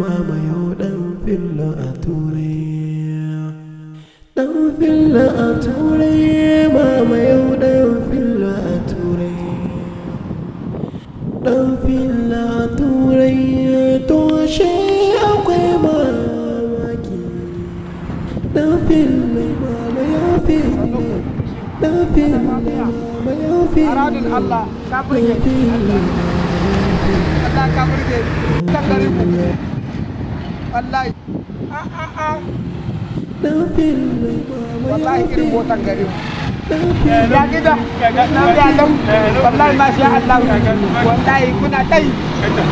mamayo ɗan filla a turai ɗan filla a turai mamayo ɗan filla a turai ɗan filla a turai to akwai mamaki dan filla mamayo filla dan filla mamayo filla dan filla Allah ka burge kan garin mu wallahi a ah, a ah, a ah. wallahi irin motar garin ya gida nan ya nan wallahi ma sha Allah wallahi kuna tai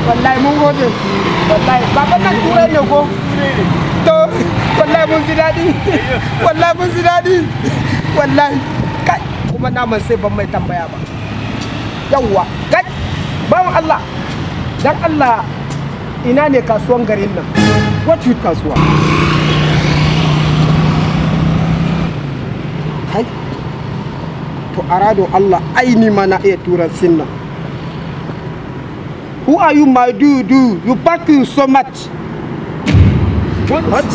wallahi mun gode wallahi ba ka nan turai ne ko to wallahi mun ji wallahi mun ji wallahi kai kuma naman sai ban mai tambaya ba yawwa kai bawan Allah dan Allah ina ne kasuwan garin nan what you kasuwa hai to arado Allah aini mana iya turan sinna who are you my dude you, you back you so much what, what?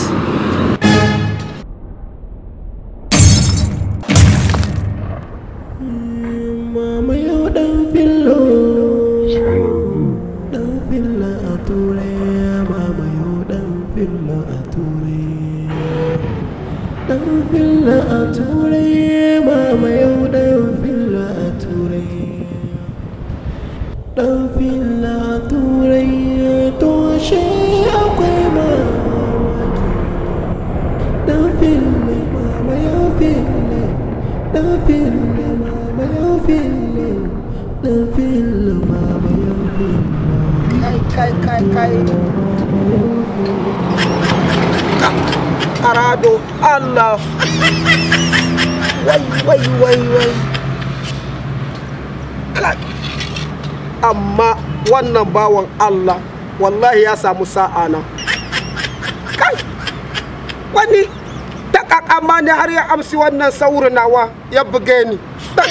أتولي ماما يودا في الله أتولي دم في الله أتولي توشي أقيما دم في الله ماما يوفي الله دم في الله ماما يوفي الله دم في الله ماما يوفي الله كاي كاي كاي كاي arado Allah wai wai wai wai amma wannan bawan Allah wallahi ya samu sa'a na kai wani takaka kaka ma ne har ya amsi wannan sauri ya buge ni ta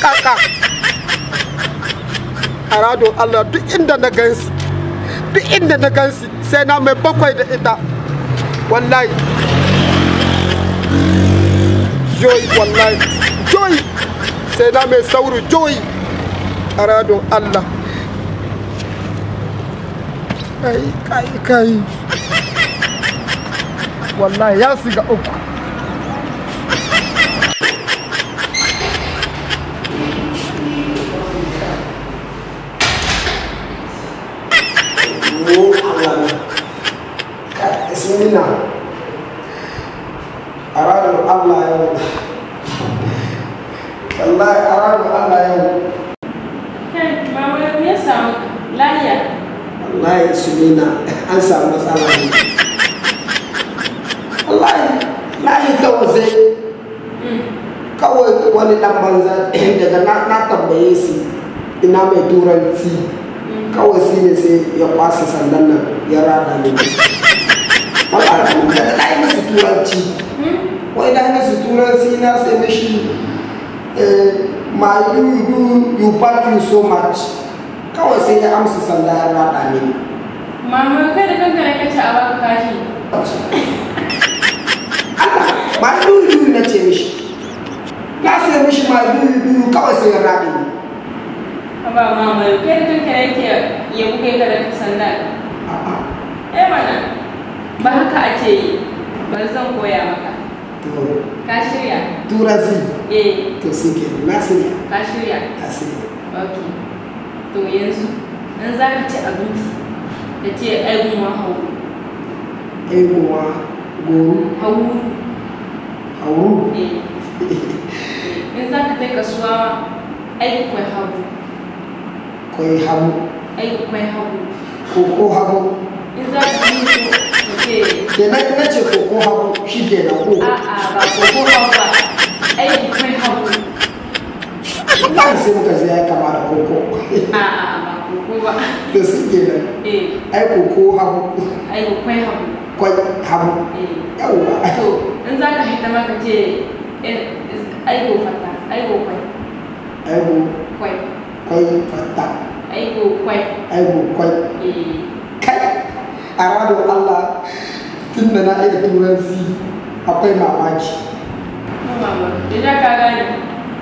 arado Allah duk inda na gansi duk inda na gansi sai na mai bakwai da ita wallahi joy wallahi joy sai na mai sauru joy a radon allah kai kai kai wallahi ya siga uku lahiya wallahi su nuna an samu matsala ne wallahi lahi kawai sai kawai wani dan banza daga na tambaye su ina mai turanci kawai shi ne sai ya kwasa sandan nan ya rada ne wallahi daga na yi musu turanci wai da musu turanci na sai mashi eh, my you do you pack you so much kawai sai ya amsa sanda ya rada mini mama kai da kanka na kace a baka kashi Allah ba duyu duyu na ce mishi ya sai mishi ma duyu duyu kawai sai ya rada ni ba mama kai da kanka yake ya buge ka da sanda eh mana ba haka a ce yi ba zan koya maka ka shirya turanci eh to sai ke na shirya ka shirya ka shirya okay to yanzu in za ka ci abinci ka ce aigunwa hauru aigunwa goru hauru hauru eh. in za ka kai kasuwa aigun kwai hauru kwai hauru aigun kwai hauru koko hauru in za ka yi ko ke na ce koko hauru shi ke na ko a'a ba ko hauru ba aigun kwai hauru wallahi sai muka ji ya kama da koko da su ke nan ai koko hagu ai kwai hagu kwai hagu eh. yawwa to in za ka hita maka ce eh, ai go fata ai go kwai ai go kwai kwai fata ai go kwai ai go kwai eh. kai a allah tun da na iya turanci akwai mamaki. Mamaki, idan ka gane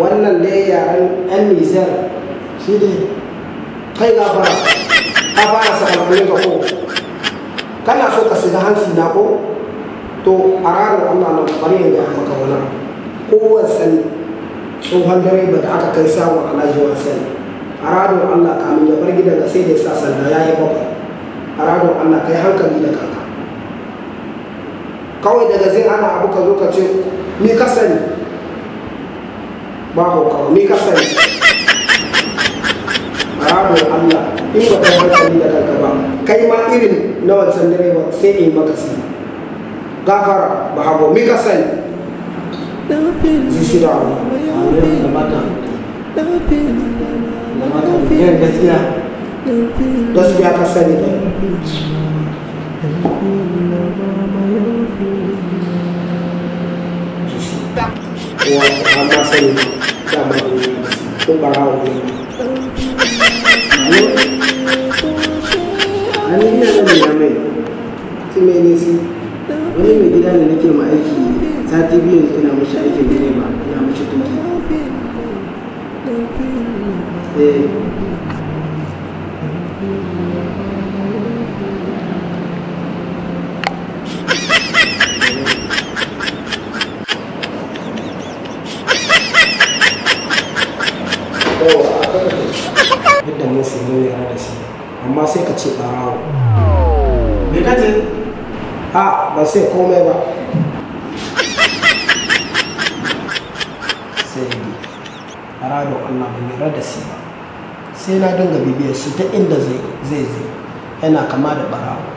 wannan da yaren yan nisan shi ne kai gafara ka fara sakalmalin ka ko kana so ka shiga hansu na ko to a ranar allah na bari ya gaya maka wani kowar sani tsohon dare ba da aka kai samun alhaji sani a ranar allah kamin ya bar gidan da sai da ya sa sanda ya yi bakwai a ranar allah kai hankali da kanka kawai daga zai ana abu ka zo ka ce ni ka sani ba hauka ni ka sani haramun allah in ba kai hankali da kanka ba kai ma irin na wancan dare ba sai in maka sani gafara ba hago mi ka sani da gaskiya ka sani ba Thank you. wa a ma sani ma ko barawo ne an a nan da ya mai ci mai nisi wani mai gida da nake ma aiki a biyu yanzu ina mashi aikin direba ina mashi tuki eh waɗannan su ne yara da shi amma sai ka ce ɓarawo me ka ce a ba sai komai ba sai ne ɓarawo Allah ba mai da shi ba sai na dinga bibiyar su ta inda zai zai yana kama da ɓarawo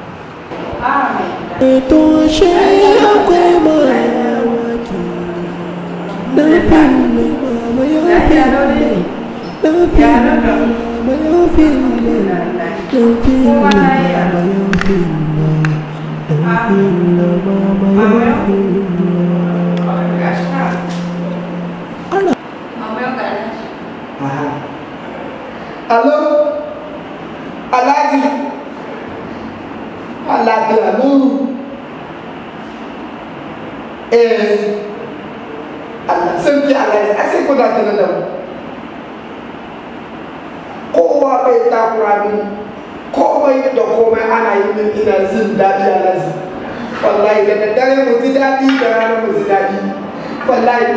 Yeah, I akwai know. ya fi but you feel me. You feel me, mama, you feel me. You feel me, mama, you feel me. Hello? Alaji? Alaji Aminu? Eh, Allah, sun fi Allah, a sai kuna tunanin al'amura komai da komai ana yi min ina zin daɗi a nazi wallahi da daddare mu ji daɗi da rana mu ji daɗi wallahi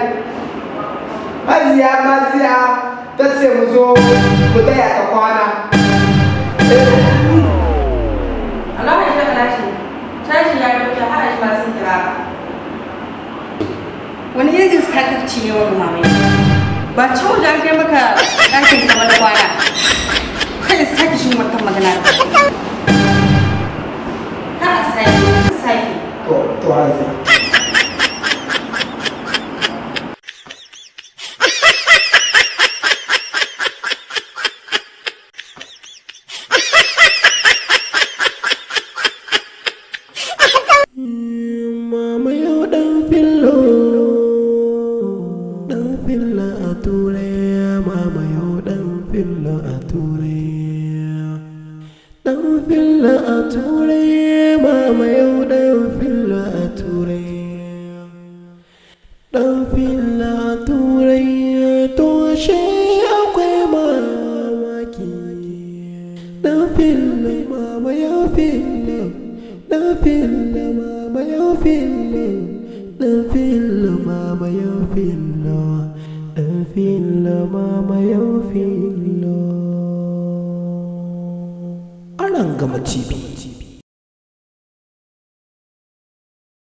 maziya maziya ta ce mu zo mu taya ta kwana wani ya shaka lashi wani irin ne wani mamaye ba cewa da an kai maka ɗakin kamar kwana zai sake shi wannan magana da ka a sake sake to to hazi Mama yêu đang phiền lộ Đang phiền lạ Dan filla a ture mama yau dan filla a ture Dan filla a ture to she akwai mamaki Dan filla mama yau filla Dan filla mama yau filla Dan filla mama yau filla Dan filla mama yau filla nan gama tv